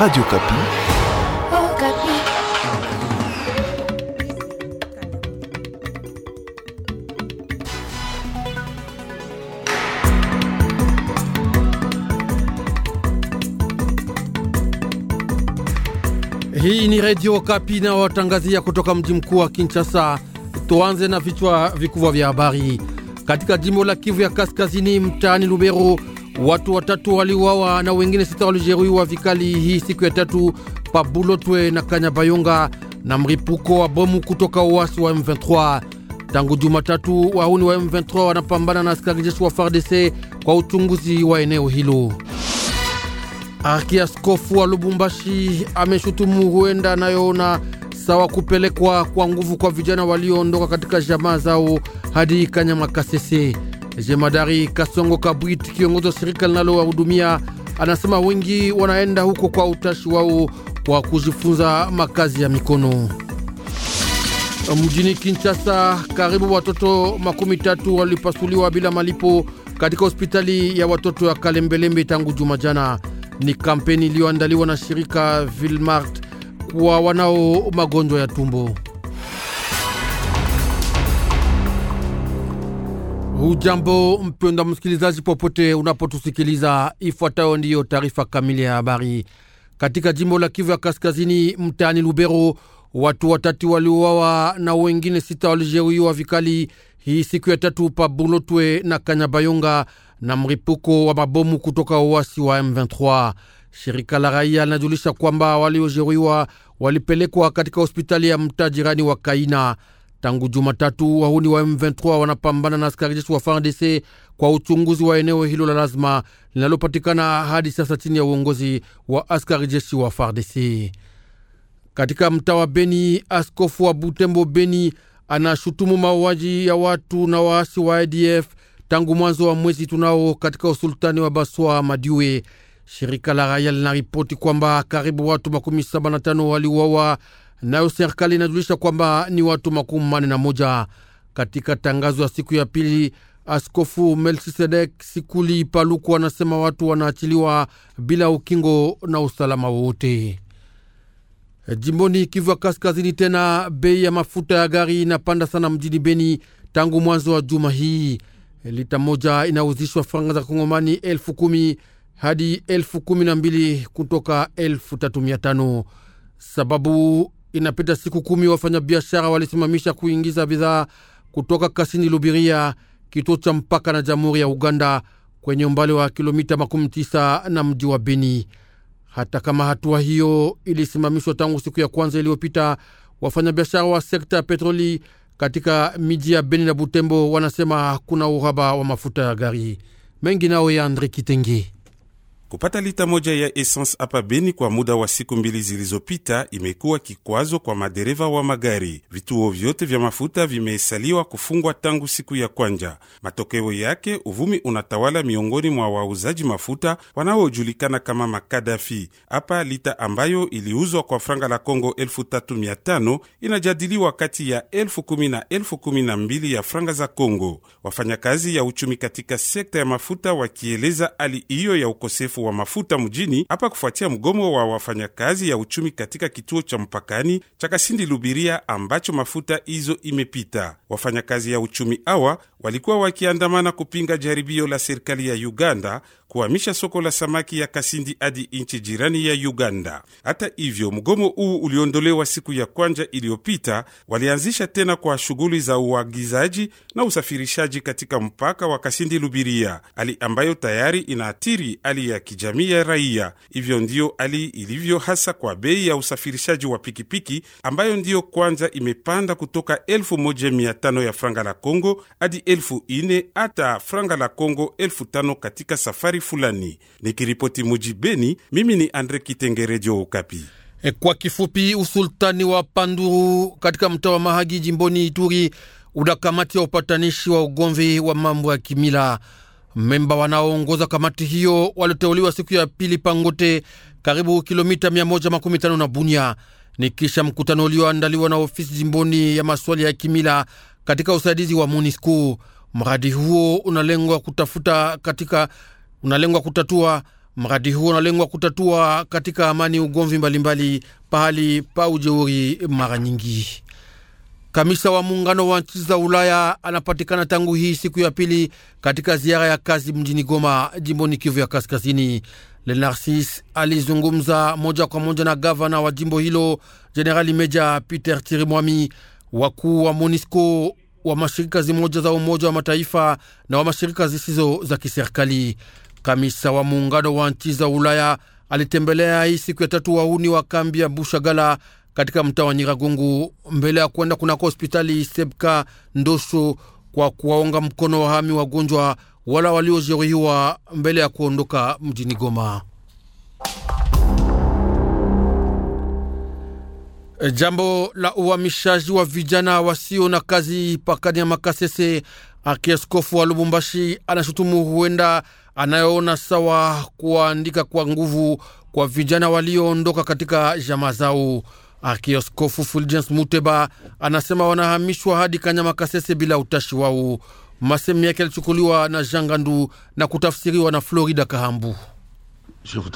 Radio Kapi. Oh, Kapi. Hii ni Radio Kapi na watangazia kutoka mji mkuu wa Kinshasa. Tuanze na vichwa vikubwa vya habari. Katika jimbo la Kivu ya Kaskazini mtaani Lubero Watu watatu waliuawa na wengine sita walijeruhiwa vikali hii siku ya tatu Pabulotwe na Kanyabayonga na mripuko wa bomu kutoka uasi wa M23. Tangu Jumatatu, wahuni wa M23 wanapambana na askari jeshi wa FARDC kwa uchunguzi wa eneo hilo. Arkiaskofu wa Lubumbashi ameshutumu huenda anayoona sawa kupelekwa kwa nguvu kwa vijana walioondoka katika jamaa zao hadi Kasese. Jemadari Kasongo Kabwit, kiongozi wa shirika wahudumia, anasema wengi wanaenda huko kwa utashi wao wa kujifunza makazi ya mikono. Mjini Kinshasa, karibu watoto makumi tatu walipasuliwa bila malipo katika hospitali ya watoto ya Kalembelembe tangu juma jana. Ni kampeni iliyoandaliwa na shirika Vilmart kwa wanao magonjwa ya tumbo. Hujambo mpenda msikilizaji, popote unapotusikiliza, ifuatayo ndiyo taarifa kamili ya habari. Katika jimbo la Kivu ya Kaskazini, mtaani Lubero, watu watatu waliuawa na wengine sita walijeruhiwa vikali hii siku ya tatu pa Bulotwe na Kanyabayonga na mripuko wa mabomu kutoka uasi wa M23. Shirika la raia linajulisha kwamba waliojeruhiwa walipelekwa katika hospitali ya mtaa jirani wa Kaina. Tangu Jumatatu wahuni wa M23 wanapambana na askari jeshi wa FARDC kwa uchunguzi wa eneo hilo la lazima linalopatikana hadi sasa chini ya uongozi wa askari jeshi wa FARDC. Katika mtaa wa Beni, askofu wa Butembo Beni anashutumu mauaji ya watu na waasi wa ADF tangu mwanzo wa mwezi tunao katika usultani wa Baswa Madiwe. Shirika la raia linaripoti kwamba karibu watu makumi saba na tano waliuawa nayo serikali inajulisha kwamba ni watu makumi mane na moja. Katika tangazo ya siku ya pili, Askofu Melchisedek Sikuli Paluku anasema watu wanaachiliwa bila ukingo na usalama wowote. Jimboni Kivu ya Kaskazini, tena bei ya mafuta ya gari inapanda sana mjini Beni tangu mwanzo wa juma hii. Lita moja inauzishwa franga za Kongomani elfu kumi hadi elfu kumi na mbili kutoka elfu tatu mia tano sababu Inapita siku kumi, wafanyabiashara walisimamisha kuingiza bidhaa kutoka Kasini Lubiria, kituo cha mpaka na Jamhuri ya Uganda, kwenye umbali wa kilomita makumi tisa na mji wa Beni. Hata kama hatua hiyo ilisimamishwa tangu siku ya kwanza iliyopita, wafanyabiashara wa sekta ya petroli katika miji ya Beni na Butembo wanasema kuna uhaba wa mafuta ya gari mengi. Nao ya Andre Kitenge Kupata lita moja ya essence hapa Beni kwa muda wa siku mbili zilizopita imekuwa kikwazo kwa madereva wa magari. Vituo vyote vya mafuta vimesaliwa kufungwa tangu siku ya kwanja. Matokeo yake uvumi unatawala miongoni mwa wauzaji mafuta wanaojulikana kama makadafi. Hapa lita ambayo iliuzwa kwa franga la congo elfu inajadiliwa kati ya elfu na elfu ya franga za congo Wafanyakazi ya uchumi katika sekta ya mafuta wakieleza hali hiyo ya ukosefu wa mafuta mjini hapa kufuatia mgomo wa wafanyakazi ya uchumi katika kituo cha mpakani cha Kasindi Lubiria ambacho mafuta hizo imepita. Wafanyakazi ya uchumi hawa walikuwa wakiandamana kupinga jaribio la serikali ya Uganda kuhamisha soko la samaki ya Kasindi hadi nchi jirani ya Uganda. Hata hivyo, mgomo huu uliondolewa siku ya kwanja iliyopita. Walianzisha tena kwa shughuli za uagizaji na usafirishaji katika mpaka wa Kasindi Lubiria, hali ambayo tayari inaathiri hali ya kijamii ya raia. Hivyo ndiyo hali ilivyo hasa kwa bei ya usafirishaji wa pikipiki ambayo ndiyo kwanza imepanda kutoka 15 ya franga la congo hadi 4 hata franga la Congo elfu katika safari fulani. Nikiripoti Mujibeni, mimi ni Andre Kitengerejo, Okapi. E, kwa kifupi, usultani wa Panduru katika mtaa wa Mahagi jimboni Ituri unakamati ya upatanishi wa ugomvi wa mambo ya kimila. Memba wanaoongoza kamati hiyo waliteuliwa siku ya pili Pangote, karibu kilomita 115 na Bunia. Ni kisha mkutano ulioandaliwa na ofisi jimboni ya maswali ya kimila katika usaidizi wa MONUSCO. Mradi huo unalengwa kutafuta katika unalengwa kutatua mradi huo unalengwa kutatua katika amani ugomvi mbalimbali pahali pa ujeuri mara nyingi Kamisa wa muungano wa nchi za Ulaya anapatikana tangu hii siku ya pili katika ziara ya kazi mjini Goma, jimboni Kivu ya Kaskazini. Lenarcis alizungumza moja kwa moja na gavana wa jimbo hilo Jenerali Meja Peter Chirimwami, wakuu wa MONISCO, wa mashirika zimoja za Umoja wa Mataifa na wa mashirika zisizo za kiserikali. Kamisa wa muungano wa nchi za Ulaya alitembelea hii siku ya tatu wauni wa kambi ya Bushagala katika mtaa wa Nyiragongo mbele ya kwenda kunako hospitali Sebka Ndoso kwa kuwaonga mkono wahami wagonjwa wala waliojeruhiwa mbele ya kuondoka mjini Goma. Jambo la uhamishaji wa vijana wasio na kazi pakani ya Makasese, akieskofu wa Lubumbashi anashutumu huenda anayoona sawa kuwaandika kwa nguvu kwa vijana walioondoka katika jamaa zao. Arkioskofu Fulgence Muteba anasema wanahamishwa hadi Kanyama Kasese bila utashi wao. Masemi yake yalichukuliwa na Jangandu na kutafsiriwa na Florida Kahambu.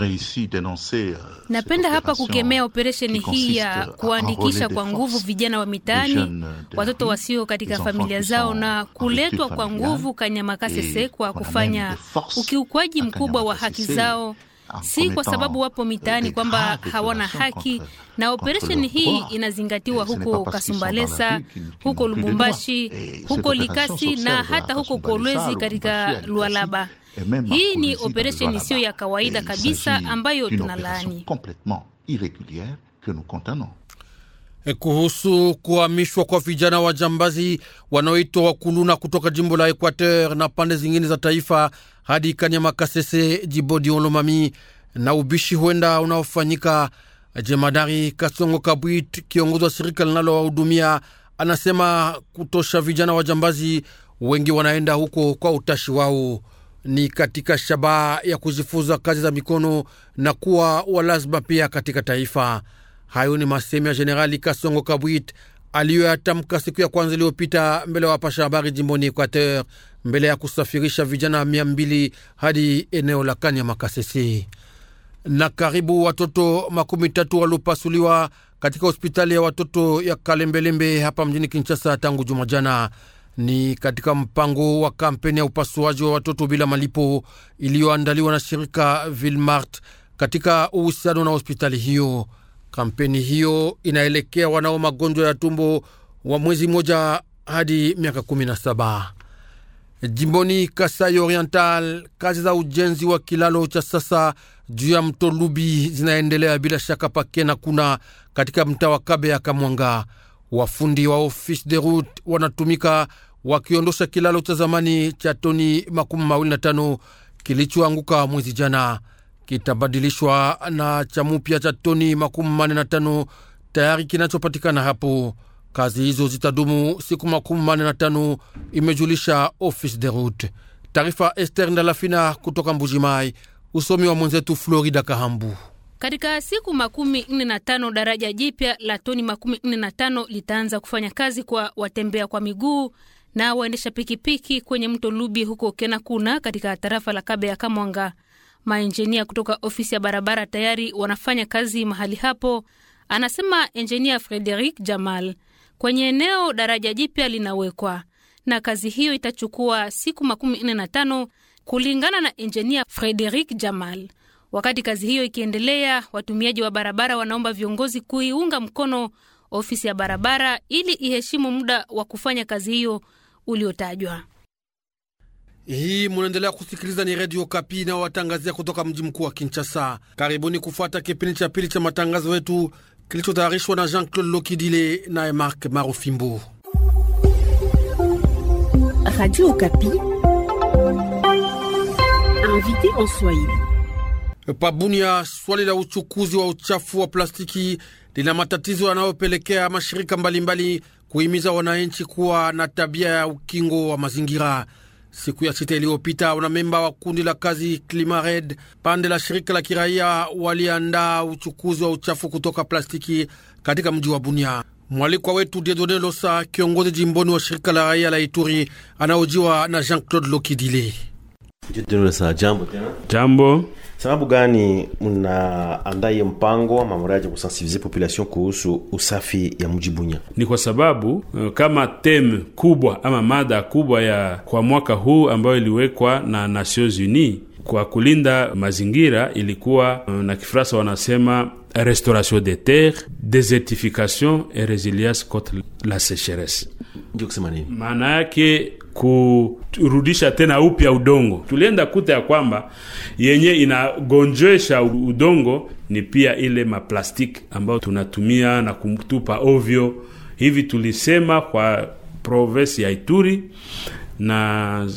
Euh, Napenda hapa kukemea operesheni hii ya kuandikisha kwa nguvu vijana wa mitaani, watoto wasio katika familia zao, na kuletwa kwa nguvu Kanyamakasese kwa kufanya ukiukwaji mkubwa wa haki zao Ah, si kwa sababu wapo mitaani kwamba hawana haki. Na operesheni hii inazingatiwa eh, huko Kasumbalesa, huko Lubumbashi, eh, huko Likasi na hata huko eh, Kolwezi katika Lualaba. Hii ni operesheni isiyo ya kawaida kabisa ambayo tunalaani. Eh, kuhusu kuhamishwa kwa vijana wajambazi wanaoitwa wakuluna kutoka jimbo la Equateur na pande zingine za taifa hadi Kanyama Kasese, jimbo Diolomami, na ubishi huenda unaofanyika. Jemadari Kasongo Kabwit, kiongozi wa shirika linalowahudumia, anasema kutosha vijana jambazi wengi wanaenda huko kwa utashi wao ni katika shabaha ya kuzifuza kazi za mikono na kuwa walazima pia katika taifa. Hayo ni masemi ya Jenerali Kasongo Kabwit aliyoyatamka siku ya kwanza iliyopita mbele ya wapasha habari jimboni Equateur, mbele ya kusafirisha vijana mia mbili hadi eneo la Kanya Makasisi na karibu watoto makumi tatu waliopasuliwa katika hospitali ya watoto ya Kalembelembe hapa mjini Kinshasa tangu juma jana. Ni katika mpango wa kampeni ya upasuaji wa watoto bila malipo iliyoandaliwa na shirika Vilmart katika uhusiano na hospitali hiyo. Kampeni hiyo inaelekea wanao magonjwa ya tumbo wa mwezi mmoja hadi miaka 17. Jimboni Kasai Oriental, kazi za ujenzi wa kilalo cha sasa juu ya mto Lubi zinaendelea bila shaka pake na kuna katika mtaa wa Kabe ya Kamwanga, wafundi wa Office de Route wanatumika wakiondosha kilalo cha zamani cha toni makumi mawili na tano kilichoanguka mwezi jana kitabadilishwa na cha mupya cha toni makumi mane na tano tayari kinachopatikana hapo. Kazi hizo zitadumu siku makumi mane na tano, imejulisha Office de Route. Taarifa Ester Ndalafina kutoka Mbujimai, usomi wa mwenzetu Florida Kahambu. Katika siku makumi nne na tano daraja jipya la toni makumi nne na tano litaanza kufanya kazi kwa watembea kwa miguu na waendesha pikipiki kwenye mto Lubi huko Kenakuna katika tarafa la ya Kamwanga. Maenjinia kutoka ofisi ya barabara tayari wanafanya kazi mahali hapo, anasema enjinia Frederic Jamal. Kwenye eneo daraja jipya linawekwa na kazi hiyo itachukua siku makumi nne na tano kulingana na enjinia Frederic Jamal. Wakati kazi hiyo ikiendelea, watumiaji wa barabara wanaomba viongozi kuiunga mkono ofisi ya barabara ili iheshimu muda wa kufanya kazi hiyo uliotajwa. Hii munaendelea kusikiliza ni redio Kapi inayowatangazia kutoka mji mkuu wa Kinshasa. Karibuni kufuata kipindi cha pili cha matangazo yetu kilichotayarishwa na Jean Claude Lokidile naye Mark Marofimbo. Radio Kapi Pabunia, swali la uchukuzi wa uchafu wa plastiki lina matatizo yanayopelekea mashirika mbalimbali kuhimiza wananchi kuwa na tabia ya ukingo wa mazingira. Siku ya sita iliyopita wanamemba wa kundi la kazi Climared pande la shirika la kiraia waliandaa uchukuzi wa uchafu kutoka plastiki katika mji wa Bunia. Mwalikwa wetu Dedone Losa, kiongozi jimboni wa shirika la raia la Ituri, anaojiwa na Jean Claude Lokidile. Jambo. Sababu gani mnaandaa hiyo mpango ama mradi kusensibilize population kuhusu usafi ya mji Bunya? Ni kwa sababu eh, kama teme kubwa ama mada kubwa ya kwa mwaka huu ambayo iliwekwa na Nations Unies kwa kulinda mazingira ilikuwa eh, na Kifaransa wanasema restauration des terres desertification et resilience contre la sécheresse. Maana yake kurudisha tena upya udongo. Tulienda kuta ya kwamba yenye inagonjesha udongo ni pia ile maplastiki ambayo tunatumia na kutupa ovyo. Hivi tulisema kwa provesi ya Ituri na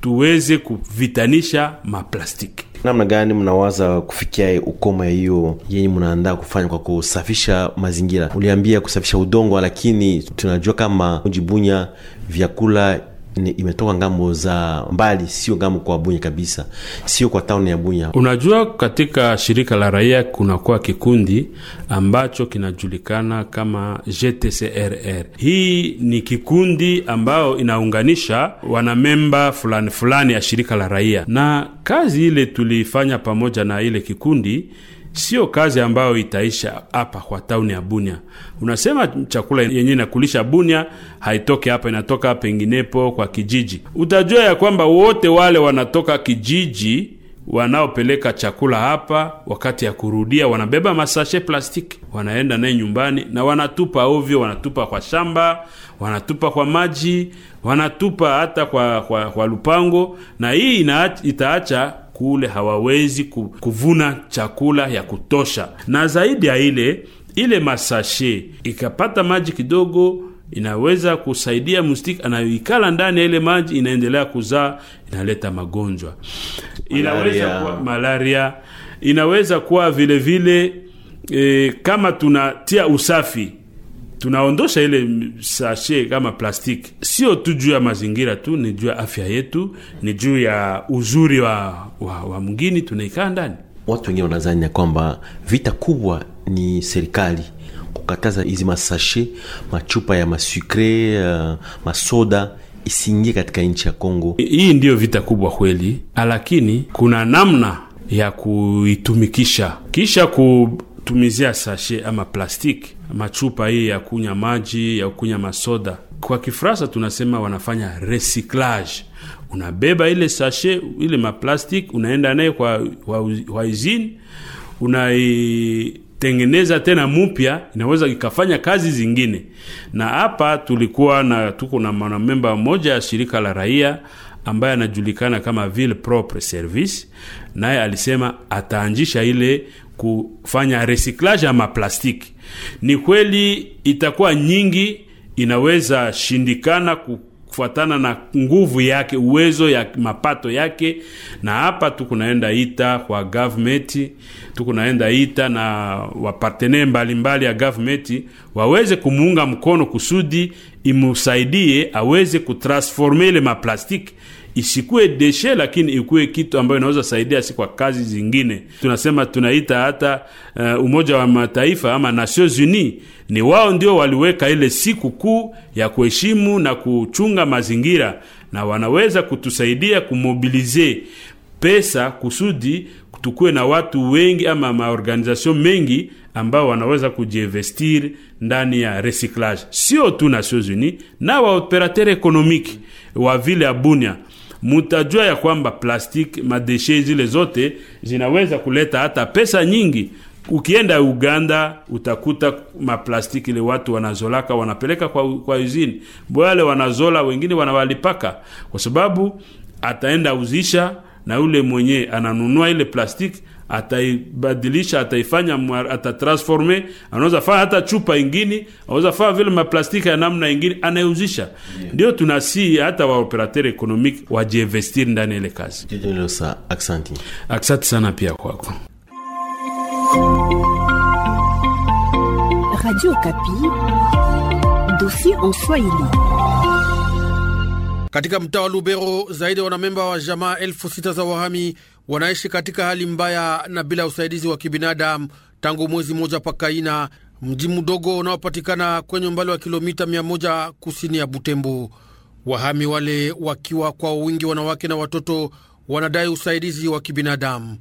tuweze kuvitanisha maplastiki. Namna gani mnawaza kufikia ukoma hiyo yenye mnaandaa kufanya kwa kusafisha mazingira? Uliambia kusafisha udongo, lakini tunajua kama Jibunya vyakula ni imetoka ngambo za mbali, sio ngambo kwa Bunya kabisa, sio kwa tauni ya Bunya. Unajua, katika shirika la raia kunakuwa kikundi ambacho kinajulikana kama GTCRR. Hii ni kikundi ambayo inaunganisha wanamemba fulani fulani ya shirika la raia, na kazi ile tulifanya pamoja na ile kikundi sio kazi ambayo itaisha hapa kwa tauni ya Bunia. Unasema chakula yenye inakulisha Bunia haitoke hapa, inatoka penginepo kwa kijiji. Utajua ya kwamba wote wale wanatoka kijiji wanaopeleka chakula hapa, wakati ya kurudia wanabeba masashe plastiki, wanaenda naye nyumbani na wanatupa ovyo, wanatupa kwa shamba, wanatupa kwa maji, wanatupa hata kwa, kwa, kwa lupango, na hii ina, itaacha kule hawawezi kuvuna chakula ya kutosha, na zaidi ya ile ile masashe ikapata maji kidogo inaweza kusaidia mustiki anayoikala ndani ya ile maji, inaendelea kuzaa, inaleta magonjwa, inaweza kuwa malaria, inaweza kuwa vile vile e, kama tunatia usafi tunaondosha ile sashe kama plastiki, sio tu juu ya mazingira tu, ni juu ya afya yetu, ni juu ya uzuri wa, wa, wa mgini tunaikaa ndani. Watu wengine wanazani ya kwamba vita kubwa ni serikali kukataza hizi masashe machupa ya masukre uh, masoda isiingie katika nchi ya Kongo. Hii ndiyo vita kubwa kweli, lakini kuna namna ya kuitumikisha kisha ku kutumizia sashe ama plastiki, machupa hii ya kunya maji ya kunya masoda, kwa Kifaransa tunasema wanafanya recyclage. Unabeba ile sashe ile maplastiki unaenda naye kwa waizini, unaitengeneza tena mupya, inaweza ikafanya kazi zingine. Na hapa tulikuwa na tuko na mwanamemba mmoja ya shirika la raia ambaye anajulikana kama Ville Propre Service, naye alisema ataanjisha ile kufanya recyclage ama plastiki. Ni kweli itakuwa nyingi, inaweza shindikana kufuatana na nguvu yake, uwezo ya mapato yake, na hapa tukunaenda ita kwa government, tukunaenda ita na wapartene mbalimbali ya government waweze kumuunga mkono kusudi imusaidie aweze kutransforme ile maplastiki isikuwe deshe, lakini ikuwe kitu ambayo inaweza saidia si kwa kazi zingine. Tunasema tunaita hata uh, Umoja wa Mataifa ama Nations Unies, ni wao ndio waliweka ile siku kuu ya kuheshimu na kuchunga mazingira, na wanaweza kutusaidia kumobilize pesa kusudi tukuwe na watu wengi ama maorganizasyon mengi ambao wanaweza kujiinvestir ndani ya recyclage, sio tu Nations Unies na waoperateur ekonomiki wa vile ya Bunia mutajua ya kwamba plastiki, madeshe zile zote zinaweza kuleta hata pesa nyingi. Ukienda Uganda utakuta maplastiki ile watu wanazolaka wanapeleka kwa, kwa izini bwale, wanazola, wengine wanawalipaka kwa sababu ataenda uzisha na ule mwenye ananunua ile plastiki ataibadilisha, ataifanya, atatransforme. Anaweza faa hata chupa ingini anaweza faa vile maplastiki ya namna ingine, anayeuzisha ndio. Yeah. tunasii hata waoperateur ekonomiki wajiinvestir ndani ile kazi. Aksanti sana pia kwako. Katika mtaa wa Lubero, zaidi ya wanamemba wa jamaa elfu sita za wahami wanaishi katika hali mbaya na bila usaidizi wa kibinadamu tangu mwezi mmoja Pakaina, mji mdogo unaopatikana kwenye umbali wa kilomita 1 kusini ya Butembo. Wahami wale wakiwa kwa wingi wanawake na watoto wanadai usaidizi wa kibinadamu.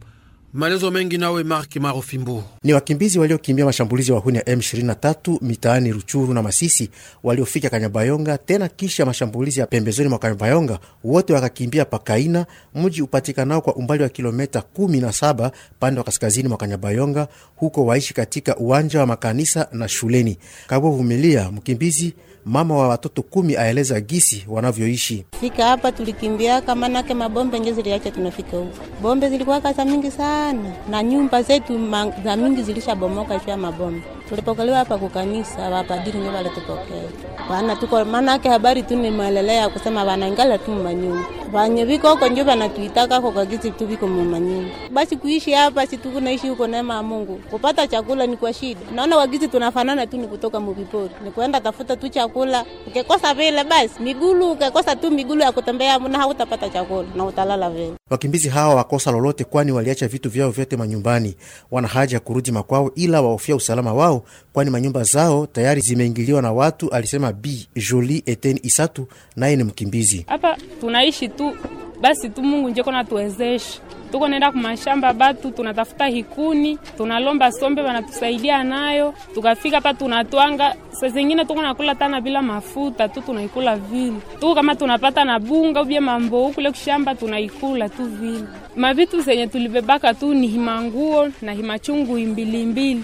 Maelezo mengi nawe Mark Marofimbo. Ni wakimbizi waliokimbia mashambulizi ya wahuni ya M23 mitaani Ruchuru na Masisi waliofika Kanyabayonga tena kisha mashambulizi ya pembezoni mwa Kanyabayonga, wote wakakimbia Pakaina, mji upatikanao kwa umbali wa kilometa 17 pande wa kaskazini mwa Kanyabayonga, huko waishi katika uwanja wa makanisa na shuleni. Kavovumilia, mkimbizi mama wa watoto kumi, aeleza gisi wanavyoishi. Fika hapa tulikimbia kamanake mabombe nje ziliacha tunafika huko. Bombe zilikuwa kasa mingi sana sana, na nyumba zetu za mingi zilishabomoka juu ya mabomu tulipokelewa hapa kwa kanisa, wapadiri ndio tupokee bana, tuko maana yake habari tu ni malelea kusema bana ingala tu manyumba wanye viko huko ndio tuitaka kwa kagizi tu viko manyumba. Basi kuishi hapa si tu naishi huko neema ya Mungu, kupata chakula ni kwa shida. Naona wagizi tunafanana tu, ni kutoka mvipori, ni kwenda tafuta tu chakula. Ukikosa vile basi migulu, ukikosa tu migulu ya kutembea, na hautapata chakula na utalala vile. Wakimbizi hawa wakosa lolote, kwani waliacha vitu vyao vyote manyumbani. Wana haja kurudi makwao, ila waofia usalama wao yao, kwani manyumba zao tayari zimeingiliwa na watu, alisema B Joli Eten Isatu, naye ni mkimbizi. Hapa tunaishi tu basi tu Mungu njeko natuwezeshe tuko nenda kumashamba batu tunatafuta hikuni tunalomba sombe wanatusaidia nayo tukafika pa tunatwanga saa zingine tuko nakula tana bila mafuta tu tunaikula vile tu kama tunapata na bunga ubye mambo ukule kushamba tunaikula tu vile mavitu zenye tulibebaka tu ni himanguo na himachungu imbilimbili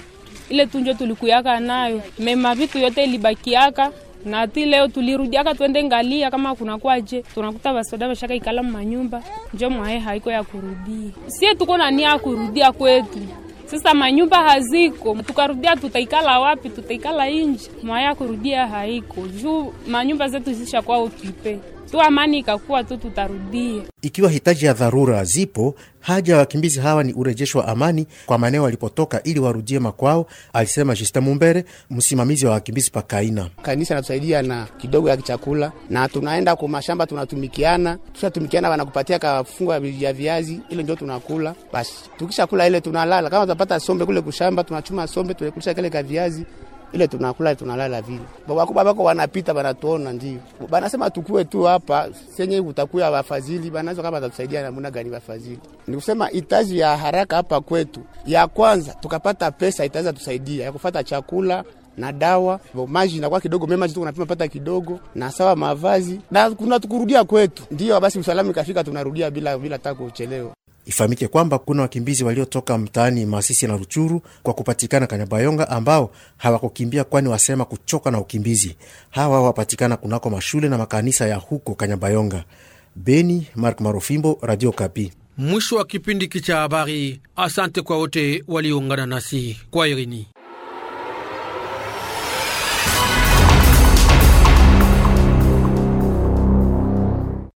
ile tunjo tulikuyaka nayo mema, vitu yote ilibakiaka na ati leo tulirudiaka twende ngalia kama kuna kwaje, tunakuta vasoda vashaka ikala manyumba, njo mwaye haiko ya kurudia. Sie tuko na nia ya kurudia kwetu sasa manyumba haziko, tukarudia tutaikala wapi? Tutaikala inji, ya kurudia haiko juu manyumba zetu zishakuwa okipe tu amani ikakuwa tu, tutarudia. Ikiwa hitaji ya dharura zipo, haja ya wakimbizi hawa ni urejesho wa amani kwa maeneo walipotoka ili warudie makwao, alisema Justin Mumbere, msimamizi wa wakimbizi pakaina. Kanisa natusaidia na kidogo ya chakula, na tunaenda kwa mashamba, tunatumikiana. Tushatumikiana, wanakupatia kafunga ya viazi, ile ndio tunakula. Basi tukishakula ile tunalala, kama tunapata sombe kule kushamba, tunachuma sombe, tunakulisha kile ka viazi ile tunakula tunalala vile. Wakubwa bako wanapita wanatuona ndio banasema tukue tu hapa senye utakuya wafadhili, banaweza kama watatusaidia namna gani wafadhili. Nikusema itaji ya haraka hapa kwetu, ya kwanza tukapata pesa itaweza tusaidia ya kufata chakula na dawa maji kwa kidogo mema jitu tunapima pata kidogo na sawa mavazi na kuna tukurudia kwetu, ndio basi msalamu ikafika, tunarudia bila bila taka kuchelewa. Ifahamike kwamba kuna wakimbizi waliotoka mtaani Masisi na Ruchuru kwa kupatikana Kanyabayonga ambao hawakukimbia kwani wasema kuchoka na ukimbizi. Hawa wapatikana kunako mashule na makanisa ya huko Kanyabayonga. Beni, Mark Marofimbo, Radio Kapi. Mwisho wa kipindi hiki cha habari. Asante kwa wote waliungana nasi kwa Irini.